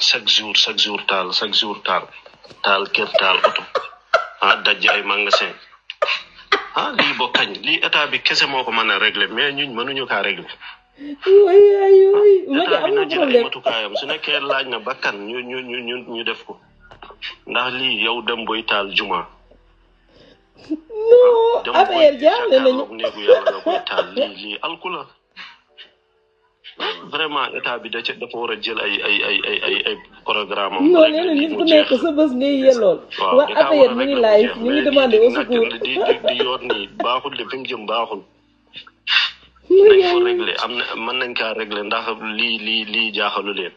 chaque jour chaque jour tal, chaque jour tal taal kër taal oto ah daj ay magasin ah Li, bo kañ état bi kese moo ko régler mais ñun mënuñu kaa régler état bi na jël ay matukaayam su nekkee laaj na bakkan ñu ñu ñu ñu ñu def ko ndax lii yow dem boy tal juma non affaire jaaxle nañu vraiment état bi da ca dafa war a jël ay ay ay ay ay ay programme am. non nee a ngi demandé au secours di yoon nii baaxul de fi jëm baaxul. dañ am na mën nañ ka réglé ndax lii lii lii jaaxalu leen.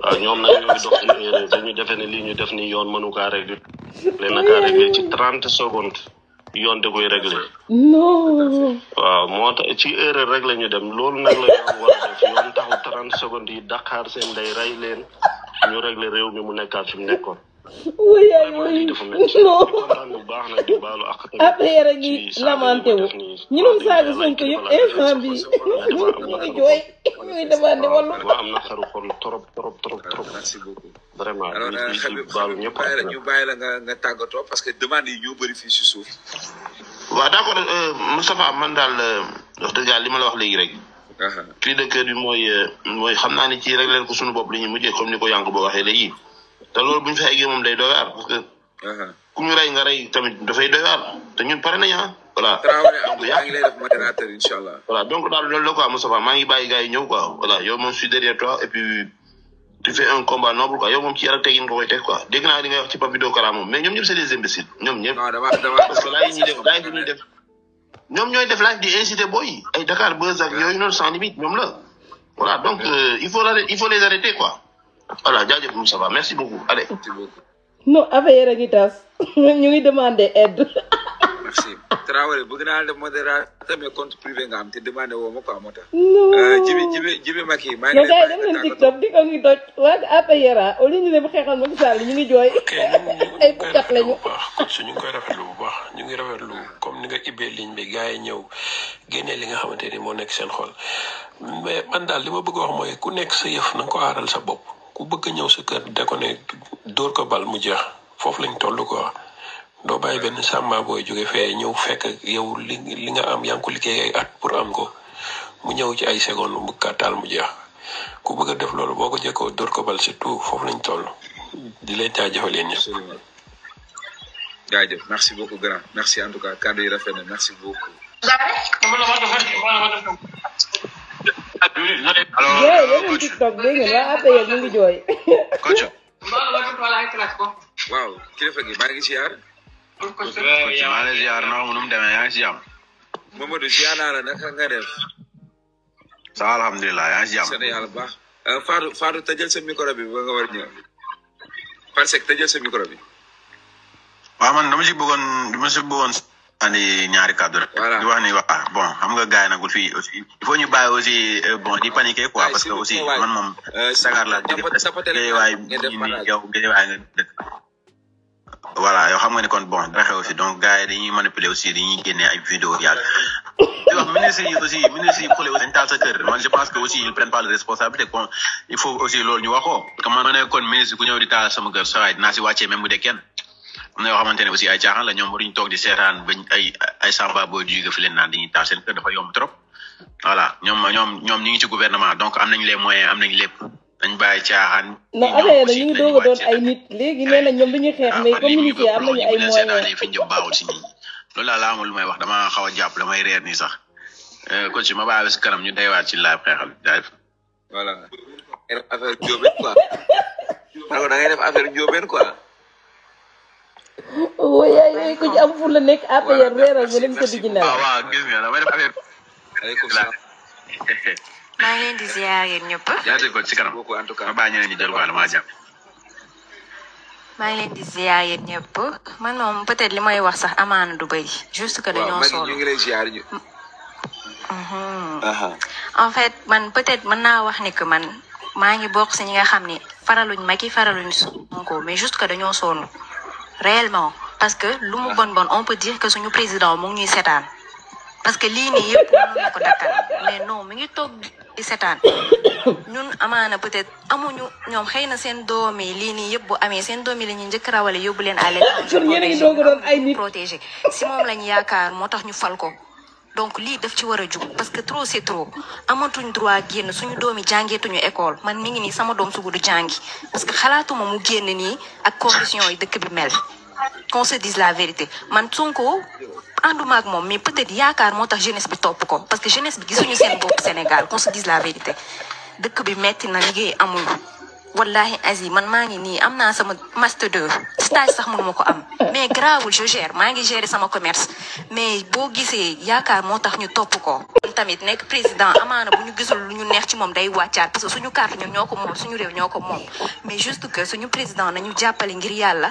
waaw ñoom nag ñooy dox suñu erreur dañu ne lii ñu def nii yoon mënu kaa réglé. leen na kaa réglé ci trente secondes. yoon da koy réglé. non. waaw moo tax ci erreur rek la ñu dem loolu nag la yoon war a def yoon taxu yi Dakar seen ndey rey leen ñu réglé réew mi mu nekkaat fi mu nekkoon. wóyaay wóy non. après yàlla ngi lamenté wu ñu doon saaga Sonko yëpp instant bi ñu ñu ngi demandé wàllu. waaw am na xaru xol trop trop trop vraiment alors euh, Habib ñu bàyyi la nga tàggatoo parce que demande yi ñoo bëri fii si suuf. waaw d' accord euh, Moustapha man daal euh, wax dëgg yàlla li ma la wax léegi rek. cri de cœur bi mooy mooy xam naa ne ci rek leen ko suñu bopp li ñuy mujjee comme ni ko Yankuba waxee léegi te loolu bu ñu fa moom day doy waar parce ku ñu nga rey tamit dafay doy waar te ñun pare nañu ah. voilà donc yaa ngi lay def modérateur incha daal loolu la quoi Moustapha maa ngi bàyyi gars yi ñëw quoi voilà yow moom je suis derrière tu fais un combat noble quoi yow mom ci yara ak teggin nga koy teg quoi dégg naa li ngay wax ci Papito Kara moom mais ñom ñëpp c'est des imbéciles ñom non ñoom ñëpp. parce que live ñi def live ñuy def ñom ñoy def live di inciter boy ay Dakar Buzz ak yooyu noonu sans limite ñom la voilà donc euh, il faut arrêter, il faut les arrêter quoi voilà jaajëf Moussa Ba merci beaucoup allez. non affaire yi tas ñu ngi demander aide. merci. Traoré bëgg naa def modérateur mais compte privé nga am te demandé woo ma quoi moo jibi jibi jibi dem TikTok di ko ngi doj waa APRA au lieu ñu dem xeexal Macky Sall ñu ngi ay bukkat lañu ok ñu ngi koy rafetlu bu baax ñu ngi koy rafetlu comme ni nga ibbee ligne ni ku nekk sa yëf na nga ko sa bopp ku ko bal do bay ben samba boy joge fe ñew fekk yow li nga am yang ngi ko ay at pour am ko mu ñew ci ay seconde mu katal mu jeex ku bëgg def lolu boko ko dor ko bal tout fofu lañ tollu di leen jaajëfal yéen ñëpp. def merci beaucoup grand merci en tout cas cadeau yi rafet na merci beaucoup. waaw kilifa gi maa ngi ya? maa ngi ziar naa ko nu demee yaa ngi si jàmm. Mamadou nga bu baax euh, Fadou Fadou tëjal sa micro war ñëw. parce que tëjal sa micro bi. waaw man dama si bëggoon dama si bëggoon andi ñaari kàddu rek. di wax ni waa bon xam nga gars yi nag fii aussi ñu bay aussi euh, bon di paniquer quoi parce que aussi man moom. Euh, sagar la jóge presque géejewaay bi voilà yoo xam nga ni kon bon dara xew fi donc gars dañuy manipuler aussi dañuy génne ay vidéo yàlla ministre aussi ministre yi xule taal sa kër je pense que aussi ils prennent pas la responsabilité kon il faut aussi loolu ñu waxoo que ne kon ministre ku ñëw di taal sama kër sawaay dinaa si wàccee même bu dee aussi ay caaxaan la ñoom waruñu toog di seetaan ay ay samba di jóge fi naan dañuy taal seen kër dafa yomb trop voilà ñoom ñoom ñoom ñu ngi ci gouvernement donc am nañ les moyens am nañ lépp dañ bàyyi caaxaan. ndax affaire ngi doog a doon ay nit léegi nee na ñoom xeex ah, mais communauté am nañu ay moyens fi jëm baaxul si ñi loolu laa amul lu may wax dama xaw a jàpp damay reer nii sax euh, coach ma baax si ñu daywaat ci live xeexal jaay voilà affaire jóobeen quoi def affaire jóobeen quoi. waaye yooyu ku am fu nekk affaire reeral nga dem tëdd ginnaaw. waaw waaw gis nga damay def affaire. maa ngi leen di ziar yéen ñëpp. jaajëf ko ci kanam en tout cas ma bàyyi ñeneen ñi jël wàllu maa jàpp. maa ngi leen di ziar yéen ñëpp man moom peut être ya, li may ya, wax sax amaana du bëri. juste que dañoo solo ñu ngi lay ziar ñu. Mhm. en fait man peut être mën naa wax ni que man maa ngi bokk si ñi nga xam ni faraluñ Macky faraluñ Sonko mais juste que dañoo sonn réellement parce que lu mu bon bon on peut dire que suñu président mu ngi ñuy seetaan parce que lii nii yëpp mënoon na ko dakkal mais non mi ngi toog. di setaan ñun amaana peut-être amuñu ñoom xëy na seen doomi lii nii yëpp bu amee seen doomi la ñuy njëkk rawale yóbbu leen à l'étranger protégé si yaakaar moo tax ñu fal ko donc lii daf ci war a jug parce que trop c'est trop amatuñ droit génn suñu doomi yi jàngeetuñu école man mi ngi nii sama doom sugu du jàngi parce que xalaatuma mu génn nii ak condition yi dëkk bi mel qu'on se dise la vérité man Sonko ànduma ak moom mais peut-être Yakar moo tax jeunesse bi top ko parce que jeunesse bi gisuñu seen bopp Sénégal qu'on se dise la vérité dëkk bi metti na liggéey amul wallahi asi man mangi ni. amna am sama master 2 stage sax mënuma ko am mais grawul je gère maa ngi gérer sama commerce mais bo gisee yaakaar motax ñu top ko tamit nek président amana bu ñu gisul lu ñu neex ci mom day wàccaat parce que suñu carte ñun ñoo ko suñu rew ñoko mom mais juste que suñu président nañu jàppale ngir yalla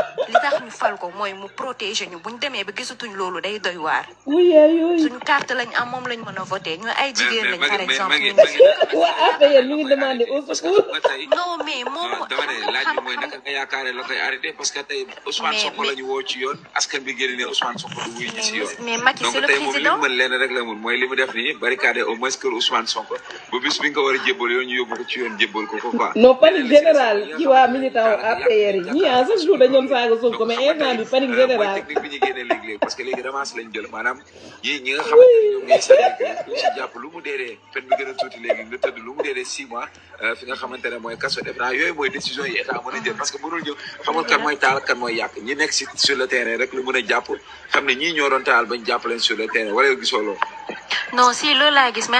li tax ñu fal ko mooy mu protéger ñu bu ñu demee ba gisatuñ loolu day doy waar. moom lañ mën a voté ñu ay jigéen lañ. par exemple ñu ngi demandé au secours. non mais moom ne laaj bi mooy la woo ci yoon. askan bi génn ne Ousmane Sonko du wuy ñi si le président moom li mën leen rek la mun mooy li mu def nii barricade au moins kër Ousmane Sonko bu bis bi nga war a jébbal yoon ñu yóbbu ko ci yoon jébbal ko ko quoi. non pas général ci waa militant APR yi ñii à ce jour dañoon saaga Sonko mais instant bi panique mooy technique bi ñu génnee léeg-léeg parce que léegi revanche lañ jël maanaam ñi nga xamante ne ñoom ngay sànni ñu lu mu deedee pen bi gën a léegi nga tëdd lu mu deedee six mois euh, fi nga xamante ne mooy kaso def naa yooyu mooy décision yi état mën a jël parce que mënul jël xamul kan mooy taal kan mooy yàq ñi nekk si sur le terrain rek lu mën a jàpp xam ne ñii ñoo taal bañ jàpp leen sur le terrain wala yow gisoo loolu non si loolu laa gis may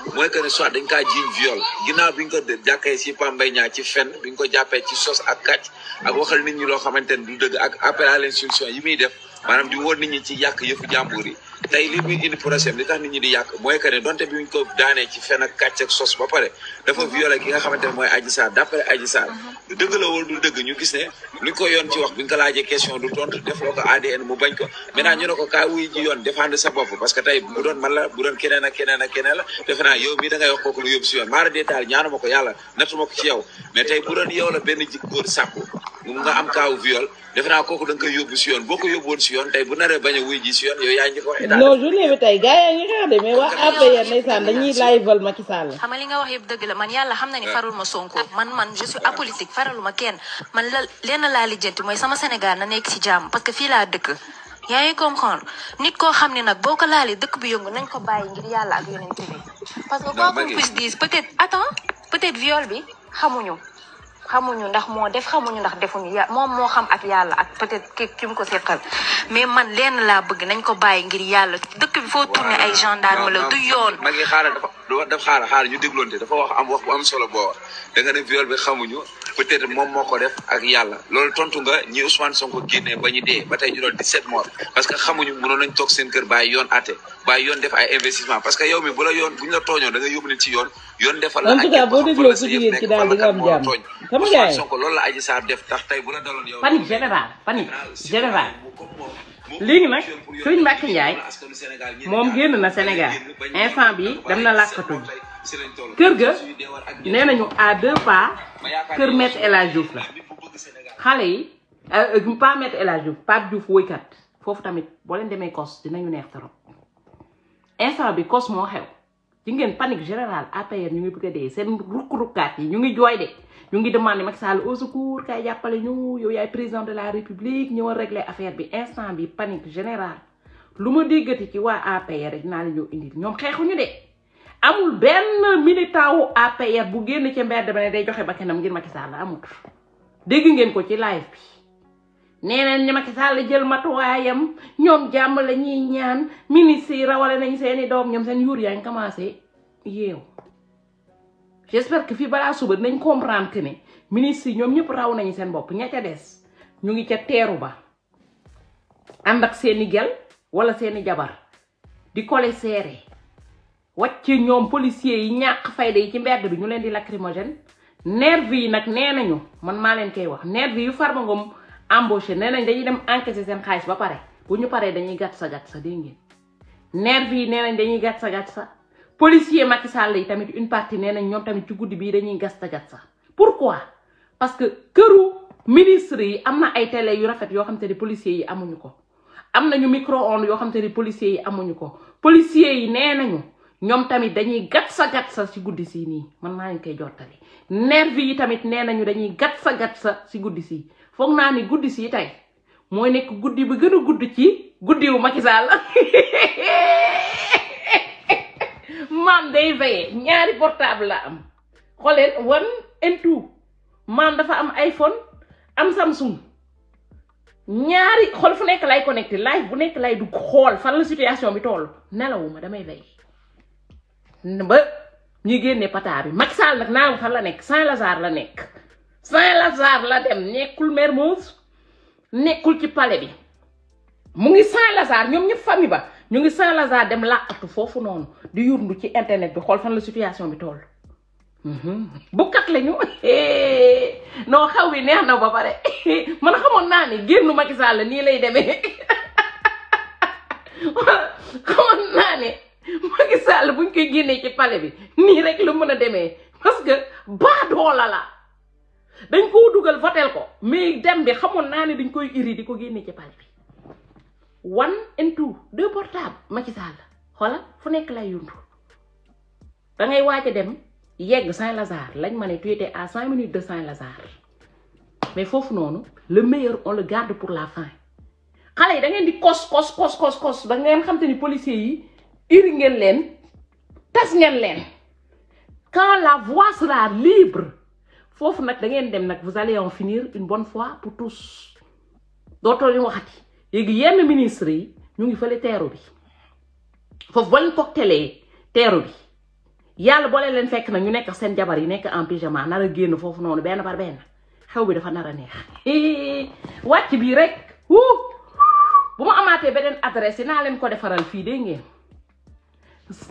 moy que ne soit dañ ka jim viol ginaaw biñ ñu ko jàkkee si pambay ñaa ci fenn biñ ko jappé ci sos ak katch ak waxal nit ñi lo xamantene du dëgg ak appel à l'instruction yimi def manam di wor nit ñi ci yak yëfu jambouri tay li muy indi procès li tax nit ñi di yak moy que ne donte biñ ko daané ci fenn ak katch ak sos ba paré dafa violé ki nga xamantene moy aji sa d'après aji sa du dëgg la wol du dëgg ñu gis ne luñ ko yoon ci wax biñ ko laajee question du tontu lo ko ADN mu bañ ko maintenant ñu ne ko ka wuy ji yoon défendre sa bop parce que tay bu doon man la bu doon keneen ak keneen ak keneen la naa mii da wax kooku lu si yoon maara détail ñaanuma ko yàlla nattuma ko ci yow mais tey bu doon yow benn ji góor sàkku nga am kaaw viol defe naa kooku da ko yóbbuwoon si yoon tey bu naree bañ a wuy ji si yoon yow yaa ngi wax état non journée bi la man yàlla xam na ni farul ma Sonko man man je suis apolitique faralu ma kenn man la lenn laa lijjanti mooy sama Sénégal na nekk si jàmm parce que fii laa dëkk yaa ngi comprendre nit koo xam ne nag boo ko laalee dëkk bi yongu nañ ko bàyyi ngir yàlla ak yonent bi parce que quoi qu'on puisse dire peut-être attends peut-être viol bi xamuñu xamuñu ndax moo def xamuñu ndax defuñu ya moom moo xam ak yàlla ak peut-être ki mu ko seqal mais man lenn laa bëgg nañ ko bàyyi ngir yàlla dëkk bi foo tourné ay gendarme la du yoon. du wax def xaar xaar ñu dégloonte dafa wax am wax bu am solo boo wax da nga ne bi xamuñu peut-être moom moo ko def ak yàlla loolu tontu nga ñi Ousmane Sonko génnee ba ñu dee ba tey ñu doon 17 morts parce que xamuñu mënoon yoon àtte bàyyi yoon def ay investissement parce que yow mi bu la yoon bu la tooñoon da nga yóbbu ci yoon yoon defal la ak boo dégloo ku jigéen ki daal di am jàmm xam nga Sonko loolu bu la léegi nag Serigne Mbacké Ndiaye moom génn na Sénégal instant bi dem na làkkatu ji kër ga nee nañu à deux pas kër Maître El Hadj Diouf la xale yi euh, euh, pas Maître El Hadj Diouf Pape Diouf woykat foofu tamit boo leen demee kos dinañu neex trop instant bi kos moo xew ci ngeen panique général APR ñu ngi bëgg de dee seen rukk-rukkaat yi ñu ngi jooy de ñu ngi demandé Macky Sall au secours kay jàppale ñu yow yaay président de la république ñëw a régler affaire bi instant bi panique général lu ma déggati ci waa APR rek naa la ñëw indi ñoom xeexuñu de amul benn militant wu APR bu génn ca de ba ne day joxe bakkanam ngir Macky Sall amut dégg ngeen ko ci live bi nee na ñu Macky jël matuwaayam ñoom jàmm la ñuy ñaan ministre yi rawale nañ seeni doom ñoom seen yuur yaa ngi commencé yéew j'espère que fii balaa suba nañ comprendre que ne ministre yi ñoom ñëpp raw nañu seen bopp ña ca des ñu ngi ca teeru ba ànd ak seeni gel wala seeni jabar di kole seere wàcc ñoom policiers yi ñàkk fayda yi ci mbedd bi ñu leen di lacrymogène nervi yi nag nee nañu man maa leen koy wax nervi yu Farba Ngom embauché nee nañ dañuy dem encaissé seen xaalis ba pare bu ñu paree dañuy gàtt sa gàtt sa dégg ngeen nervi yi nee nañ dañuy gàtt sa gàtt policier Macky Sall yi tamit une partie nañ ñoom tamit ci guddi bii dañuy gàtt sa gàtt sa pourquoi parce que këru ministre yi am na ay télé yu rafet yoo xam te ni yi amuñu ko am nañu micro-ondes yoo xam te ni policiers yi amuñu ko policier yi nee nañu ñoom tamit dañuy gat sa gat sa si guddi si nii man naa ngi koy jottali nervi yi tamit nee nañu dañuy gat sa gat sa si guddi si foog naa ni guddi si tey mooy nekk guddi ba gën a gudd ci guddiwu Macky Sall maam day veillé ñaari portable la am xooleen one and two maam dafa am iPhone am Samsung ñaari xol fu nekk lay connecté live bu nekk lay dugg xool fan la situation bi toll nelawuma damay veillé ba ñu génne pataa bi Macky Sall nag naa fan la nekk Saint-Lazare la nekk Saint-Lazare la dem nekkul Mermoz nekkul ci pale bi mu ngi Saint-Lazare ñoom ñëpp famille ba ñu ngi Saint-Lazare dem làqatu foofu noonu di yurndu ci internet bi xool fan la situation bi tool mhm. bu kat la ñu xaw yi neex na ba pare man xamoon naa ni génnu Macky Sall la nii lay demee xamoon naa ne Macky Sall buñ koy génnee ci pale bi nii rek lu mën a demee parce que baadoola la. dañ koo dugal votel ko mais dem bi xamoon naa ne dañ koy iri di ko génne ci pal bi one and two deux portable Macky Sall xoola fu nekk lay yundu dangay ngay waaja dem yegg Saint-Lazare lañ ma ne tu à cinq minutes de Saint-Lazare mais foofu noonu le meilleur on le garde pour la fin xale yi da ngeen di kos kos kos kos kos da ngeen xamte ni policiers yi iri ngeen leen tas ngeen leen quand la voie sera libre vous allez en finir une bonne fois pour tous doto waxati yenn ministre ñu ngi terre bi Faut terre bi yalla leen fekk nak ñu nekk jabar yi en pyjama vous par benn xew bi dafa neex wacc bi rek bu ma adresse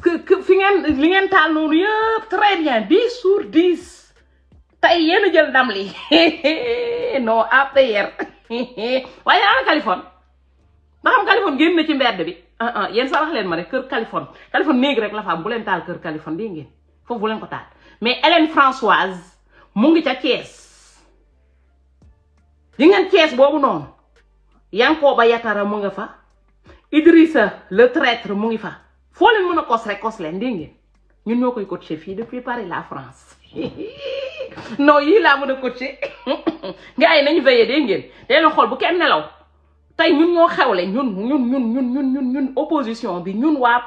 ko que fi li très bien dix sur dix tey yéen a jël ndam li non APR waaye ana Kaliphone ba xam Kaliphone génn na ci mbedd bi ah ah ma rek kër Kaliphone Kaliphone néeg rek la fa am bu leen taal kër Kaliphone dégg ngeen foofu leen ko taal mais Hélène Françoise mu ngi ca Thiès yi ngeen Thiès boobu noonu Yankoba Yatara mu nga fa Idrissa le traître mu ngi fa foo leen mën a kos rek kos leen dégg ngeen ñun ñoo koy coaché fii depuis Paris la France noo yii laa mën a coacher gars yi nañu veillé dégg ngeen dinañ xool bu kenn nelaw tey ñun ñoo xewle ñun ñun ñun ñun ñun ñun ñun opposition bi ñun waa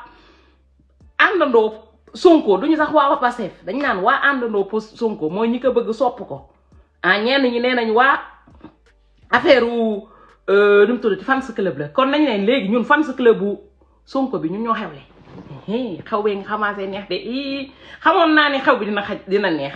àndandoo Sonko duñu sax waa Pastef dañ naan waa àndandoo Sonko mooy ñi ko bëgg sopp ko ah ñenn ñi nee nañ waa affaire u euh, nu mu tuddati fans club la kon nañ leen léegi ñun fans club bu Sonko bi ñun ñoo xewle eh, eh, xew bee nga xamaasee neex de xamoon naa ne xew bi dina xaj dina neex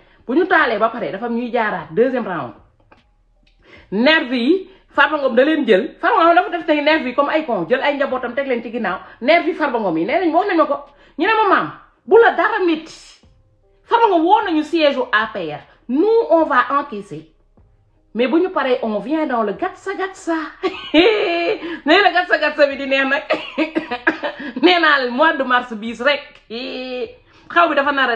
buñu talé ba paré dafa ñuy jaaraat deuxième round nervi yi Farba Ngom da leen jël Farba dafa def tay nervi yi comme ay con jël ay njabootam tek leen ci ginnaw nervi yi Farba Ngom yi nee wax nañ ko ñu ne ma maam bu la dara siège APR nous on va encaisser mais buñu paré on vient dans le gatsa gatsa la le gatsa bi di neex mois de mars bis rek xaw bi dafa nara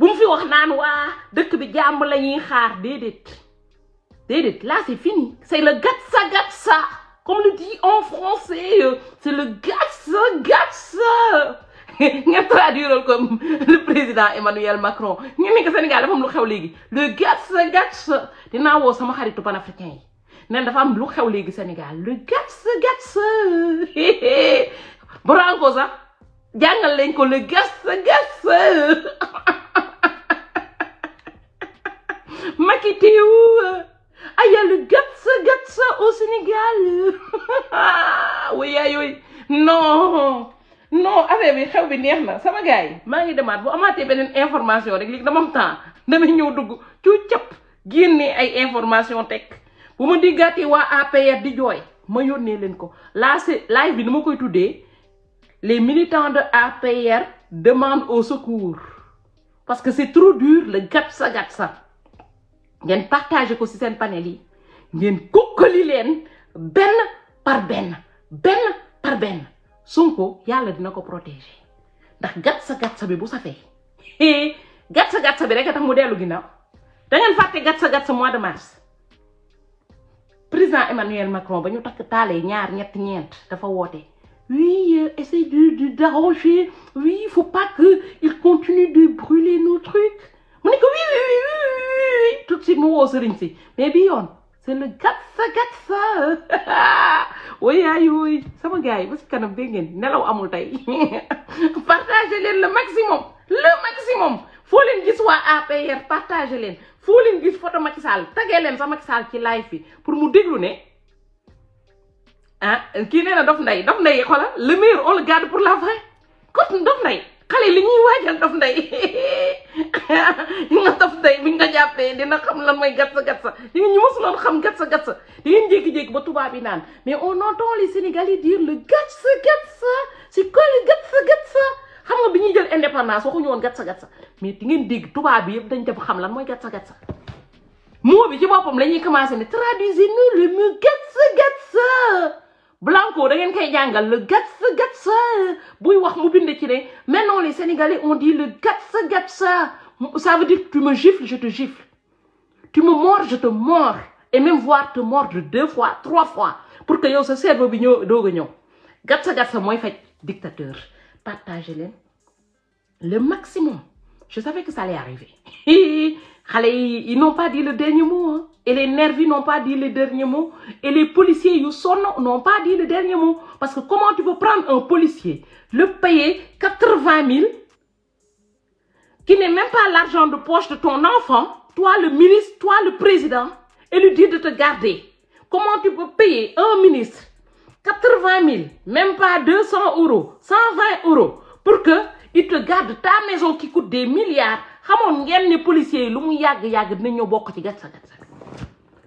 bu mu fi wax naan waa dëkk bi jàmm la ñuy xaar déedéet déedéet là c'est fini c'est le gatsa gatsa comme le dit en français euh, c'est le gatsa gatsa nga traduiral comme le président Emmanuel Macron ñu nekk Sénégal dafa am lu xew léegi le gatsa gatsa dinaa woo sama xaritu panafricain yi nen dafa am lu xew léegi Sénégal le gatsa gatsa branco sax jàngal lañ ko le gatsa gatsa Maki, où il y a le Gatsa au Sénégal. oui, aïe, oui. Non. non Avec je suis sama ngi une information rek léegi temps dugg Guinée ay information teg bu ma diggaatee wa APR di joy. je nilenko Là, ko live bi ni today les militants de APR demandent au secours parce que c'est trop dur le gatsa gatsa ngeen partager ko ci seen panel yi ngeen kukkali leen benn par benn benn par benn Sonko yàlla dina ko protéger ndax gatsa gatsa bi bu safee gatsa gatsa bi rek a tax mu dellu ginnaaw da ngeen fàtte gatsa gatsa mois de mars président Emmanuel Macron ba ñu takk taalee ñaar ñett ñeent dafa woote oui euh, essaye de de d'arranger oui il faut pas que il continue de brûler nos trucs mu ne ko tout de suite mu woo mais c'est le gatsa gatsa oui sama gars yi kanam nelaw amul partagez leen le maximum le maximum foo leen gis waa APR partagez leen foo leen gis photo Macky Sall tagee sa Macky ci live pour mu déglu ne ah kii nee dof dof le meilleur on le garde pour la vraie xale li ñuy waajal dof nday nga dof nday buñ ko jàppee dina xam lan mooy gatsa gatsa di ngeen ñu mosuloon xam gatsa gatsa di ngeen jékki-jékki ba tubaab yi naan mais on entend les Sénégalais dire le gatsa gatsa c'est quoi le gatsa gatsa xam nga bi ñuy jël indépendance waxuñu woon gatsa gatsa mais ti ngeen dégg tubaab bi yëpp dañ def xam lan mooy gatsa gatsa moo bi ci boppam la ñuy commencé ne traduisez-nous le mot gatsa gatsa pour le gats gats buy wax mu ci maintenant les sénégalais ont dit le gats gatsa ça veut dire tu me gifles je te gifle tu me mords je te mords et même voir te mordre deux fois trois fois pour que yow sa cerveau bi ñëw doog a Gats gatsa gatsa dictateur partagez le maximum je savais que ça allait arriver ils n'ont pas dit le dernier mot hein. Et les nervis n'ont pas dit le dernier mot. Et les policiers ils sont n'ont pas dit le dernier mot. Parce que comment tu peux prendre un policier, le payer 80 000, qui n'est même pas l'argent de poche de ton enfant, toi le ministre, toi le président, et lui dire de te garder. Comment tu peux payer un ministre 80 000, même pas 200 euros, 120 euros, pour que il te garde ta maison qui coûte des milliards. les policiers,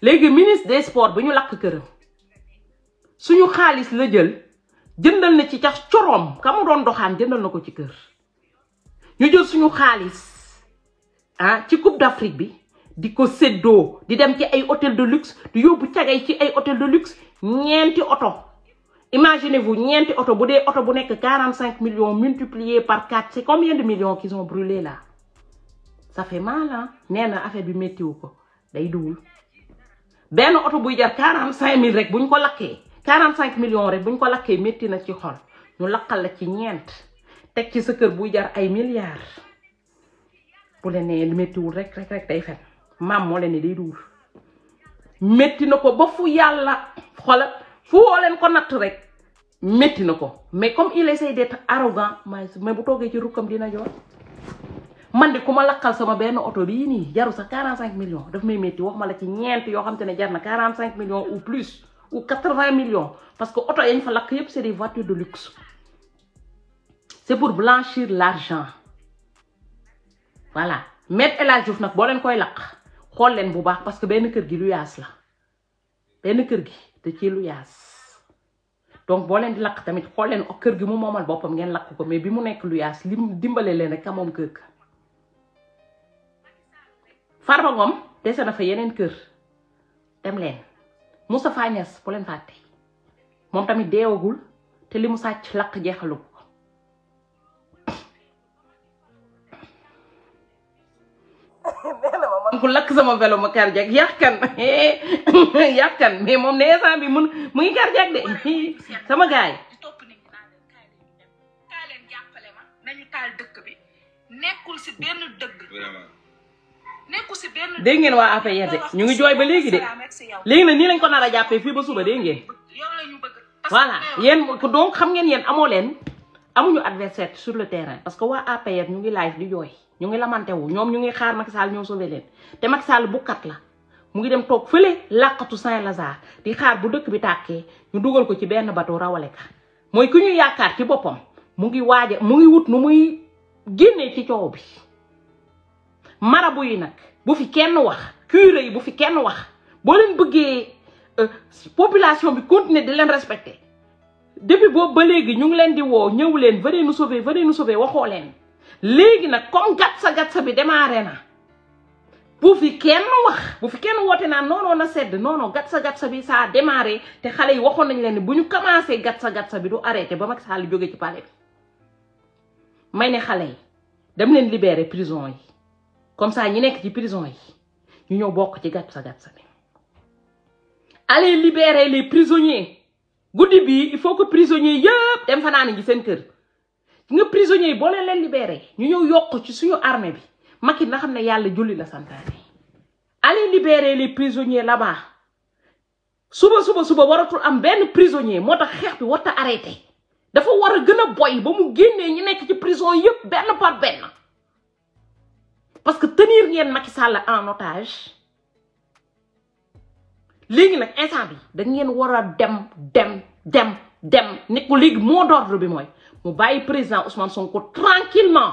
Les ministre des sports buñu lak lakk suñu ont la jël jëndal na ci tax coroom kam doon doxaan jëndal nako ci kër ñu jël suñu ah ci coupe d'Afrique bi diko seddo di dem ci ay hôtel de luxe di Ils ont ci ay hôtel de luxe ñeenti auto imaginez-vous ñeenti auto bu dé auto bu nek quarante millions multiplié par 4, c'est combien de millions qu'ils ont brûlé là ça fait mal hein? Néna affaire bi ko day doul ben auto buy jar quarante cinq rek buñ ko laké 45 millions rek buñ ko laké metti na ci xol ñu lakkal la ci ñent tek ci sa kër buy jar ay milliards bu né nee méttiwul rek rek rek day fen maam mo le né day duur metti nako ko ba fu yàlla xola fu woo leen ko nat rek metti nako mais comme il essaie d'être arrogant mais bu toogee ci rukkam dina jor man de ku ma sama benn oto bii nii jaru sa 45 millions daf may métti wax ma la ci ñeent yoo xam te ne jar na 45 millions ou plus ou 80 millions parce que oto yañ fa lakk yépp c'est des voitures de luxe c'est pour blanchir l'argent voilà Me El Hadji Diouf nag boo leen koy lakk xool leen bu baax parce que benn kër gi lu yaas la benn kër gi te ci lu yaas donc boo leen di lakk tamit xool leen kër gi mu moomal boppam ngeen lakk ko mais bi mu nekk lu yaas lim dimbale leen rek ka moom kër ga Farba Ngom dese na fa yeneen kër dem leen Moustapha Niass leen fàtte moom tamit deewagul te li mu sàcc lakk jeexalu ku lakk sama vélo ma cardiaque yàqkan yàqkan mais moom ne instant bi mun mu ngi cardiaque de sama gaay nekkul ci benn dëgg dégg ngeen waa APR de ñu ngi jooy ba léegi de léegi nag nii lañ ko nar a jàppee fii ba suba dégg ngeen voilà yéen donc xam ngeen yéen amoo leen amuñu adversaire sur le terrain parce que waa APR ñu ngi live di jooy ñu ngi lamante wu ñoom ñu ngi xaar Macky Sall ñoo sauvé leen te Macky Sall bu kat la mu ngi dem toog fële làqatu Saint-Lazare di xaar bu dëkk bi tàkkee ñu dugal ko ci benn bateau rawale ka mooy ku ñu yaakaar ci boppam mu ngi waaja mu ngi wut nu muy génnee ci coow bi marabu yi nag bu fi kenn wax curé yi bu fi kenn wax boo leen bëggee euh, population bi continuer di leen respecter depuis boobu ba léegi ñu ngi leen di woo ñëw leen venez nous sauver venez nous sauver waxoo leen léegi nag comme gatsa gatsa bi démarré na bu fi kenn wax bu kenn woote naa noonoo na sedd noonon gatsa gatsa bi ça a démarré te xale yi waxoon nañ leen ne bu ñu commencé gatsa gatsa bi du arrêté ba Macky Sall jógee ci palais bi may ne xale yi dem leen libérer prison yi comme ça ñi nekk ci prison yi ñu ñëw bokk ci gàtt sa gàtt sa allez libérer les prisonniers guddi bi il faut que prisonniers yëpp dem fanaan gi seen kër nga prisonniers yi boo leen leen libéré ñu ñëw yokk ci suñu armée bi Macky na xam ne yàlla julli la santaane allez libérer les prisonniers là-bas suba suba suba waratul am benn prisonnier moo tax xeex bi warta arrêté dafa war a gën a boy ba mu génnee ñu nekk ci prison yëpp Ben, par ben parce que tenir Macky en otage instant bi wara dem dem dem dem ne ko les gens bi président Ousmane Sonko tranquillement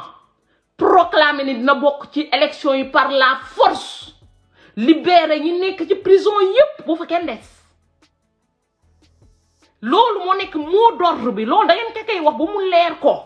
proclamer ni dina bok ci élection par la force libérer ñi nekk ci prison yépp bu fa kenn les loolu mo nek mot d'ordre bi loolu da ngeen kay wax bu mu leer ko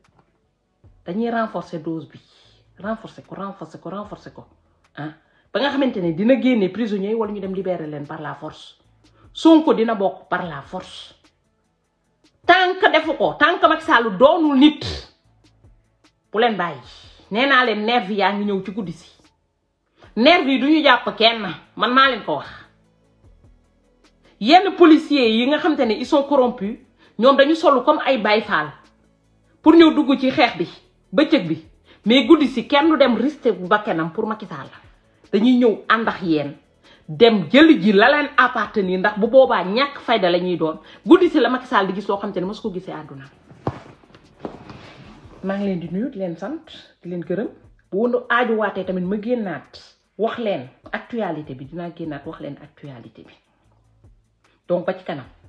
dañuy renforcer dose bi renforcer ko renforcer ko renforcer ko ah ba nga xamante ne dina génne prisonniers yi wala ñu dem libérer leen par la force Sonko dina bokk par la force tant que defu ko tant que Macky Sall doonul nit bu leen bàyyi nee naa leen nervi yaa ngi ñëw ci guddi si nervi yi du ñu jàpp kenn man maa leen ko wax yenn policiers yi nga xamante ne ils sont corrompus ñoom dañu solu comme ay Baye Fall pour ñëw dugg ci xeex bi bëccëg bi mais guddi si kenn du dem risque bu bakkenam pour Macky Sall dañuy ñëw ànd ak yéen dem jëli ji la leen appartenir ndax bu boobaa ñàkk fayda la ñuy doon guddi si la Macky Sall di gis loo xam te ne mos ko gisee àdduna maa ngi leen di nuyu leen sant leen gërëm bu wëndu aajuwaatee tamit ma génnaat wax leen actualité bi dinaa génnaat wax leen actualité bi donc ba ci kanam.